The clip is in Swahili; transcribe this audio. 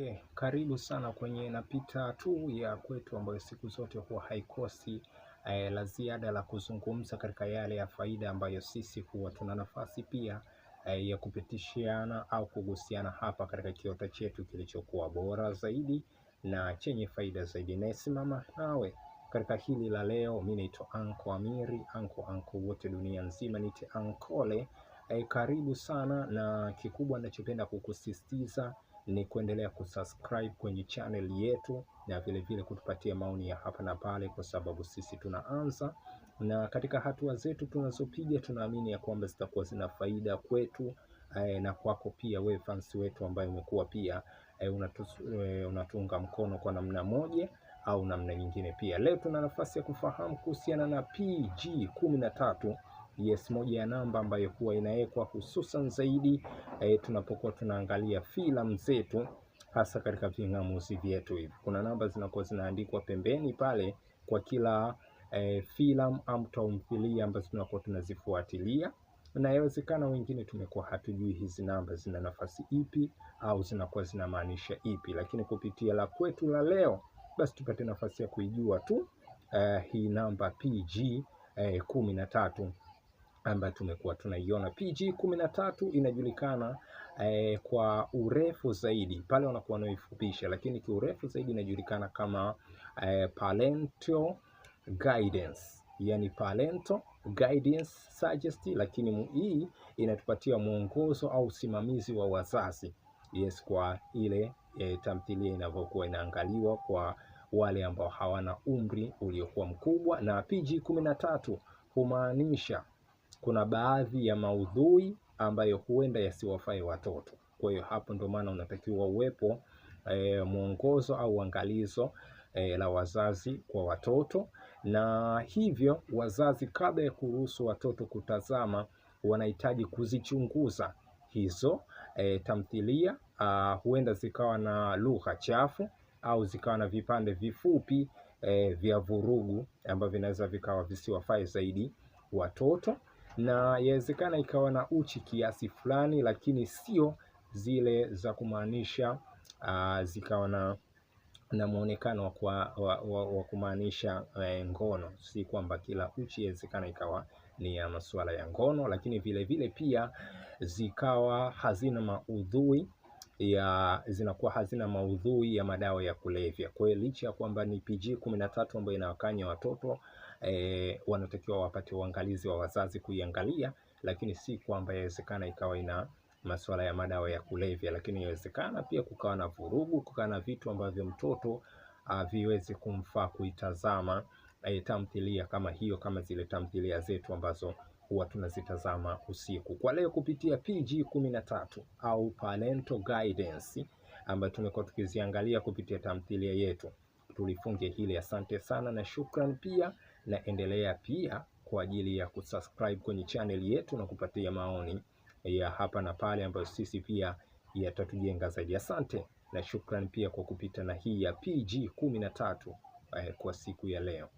Okay, karibu sana kwenye napita tu ya kwetu ambayo siku zote huwa haikosi eh, la ziada la kuzungumza katika yale ya faida ambayo sisi huwa tuna nafasi pia eh, ya kupitishiana au kugusiana hapa katika kiota chetu kilichokuwa bora zaidi na chenye faida zaidi. Nayesimama nawe katika hili la leo, mi naitwa Anko Amiri, Anko Anko wote dunia nzima, nite Ankole eh, karibu sana na kikubwa ninachopenda kukusisitiza ni kuendelea kusubscribe kwenye channel yetu na vile vile kutupatia maoni ya hapa na pale, kwa sababu sisi tunaanza na katika hatua zetu tunazopiga, tunaamini ya kwamba zitakuwa zina faida kwetu eh, na kwako pia we fans wetu ambaye umekuwa pia eh, unatu, eh, unatunga mkono kwa namna moja au namna nyingine. Pia leo tuna nafasi ya kufahamu kuhusiana na PG kumi na tatu Yes, moja ya namba ambayo huwa inawekwa hususan zaidi e, tunapokuwa tunaangalia filamu zetu hasa katika ving'amuzi vyetu hivi. Kuna namba zinakuwa zinaandikwa pembeni pale kwa kila e, filamu au tamthilia ambazo tunakuwa tunazifuatilia na inawezekana wengine tumekuwa hatujui hizi namba zina nafasi ipi au zinakuwa zinamaanisha ipi, lakini kupitia la kwetu la leo, basi tupate nafasi ya kuijua tu e, hii namba PG uh, kumi na tatu ambayo tumekuwa tunaiona. PG kumi na tatu inajulikana eh, kwa urefu zaidi pale wanakuwa wanaifupisha, lakini kiurefu zaidi inajulikana kama eh, parental guidance, yani parental guidance suggest, lakini hii inatupatia mwongozo au usimamizi wa wazazi. Yes, kwa ile e, tamthilia inavyokuwa inaangaliwa kwa wale ambao hawana umri uliokuwa mkubwa, na PG kumi na tatu humaanisha kuna baadhi ya maudhui ambayo huenda yasiwafae watoto. Kwa hiyo hapo ndio maana unatakiwa uwepo e, mwongozo au angalizo e, eh, la wazazi kwa watoto, na hivyo wazazi, kabla ya kuruhusu watoto kutazama, wanahitaji kuzichunguza hizo e, tamthilia a, ah, huenda zikawa na lugha chafu au zikawa na vipande vifupi e, vya vurugu ambavyo vinaweza vikawa visiwafai zaidi watoto na yawezekana ikawa na uchi kiasi fulani, lakini sio zile za kumaanisha uh, zikawa na na mwonekano wa, wa, wa, wa kumaanisha eh, ngono. Si kwamba kila uchi inawezekana ikawa ni ya masuala ya ngono, lakini vile vile pia zikawa hazina maudhui ya zinakuwa hazina maudhui ya madawa ya kulevya. Kwa hiyo licha ya kwamba ni PG kumi na tatu ambayo inawakanya watoto e, wanatakiwa wapate uangalizi wa wazazi kuiangalia, lakini si kwamba yawezekana ikawa ina masuala ya madawa ya kulevya, lakini inawezekana pia kukawa na vurugu, kukawa na vitu ambavyo mtoto haviwezi kumfaa kuitazama e, tamthilia kama hiyo, kama zile tamthilia zetu ambazo huwa tunazitazama usiku. Kwa leo kupitia PG kumi na tatu au parental guidance ambayo tumekuwa tukiziangalia kupitia tamthilia yetu tulifunge hili. Asante sana na shukran pia, na endelea pia kwa ajili ya kusubscribe kwenye channel yetu na kupatia maoni ya hapa na pale ambayo sisi pia yatatujenga zaidi. Asante na shukran pia kwa kupita na hii ya PG kumi na tatu eh, kwa siku ya leo.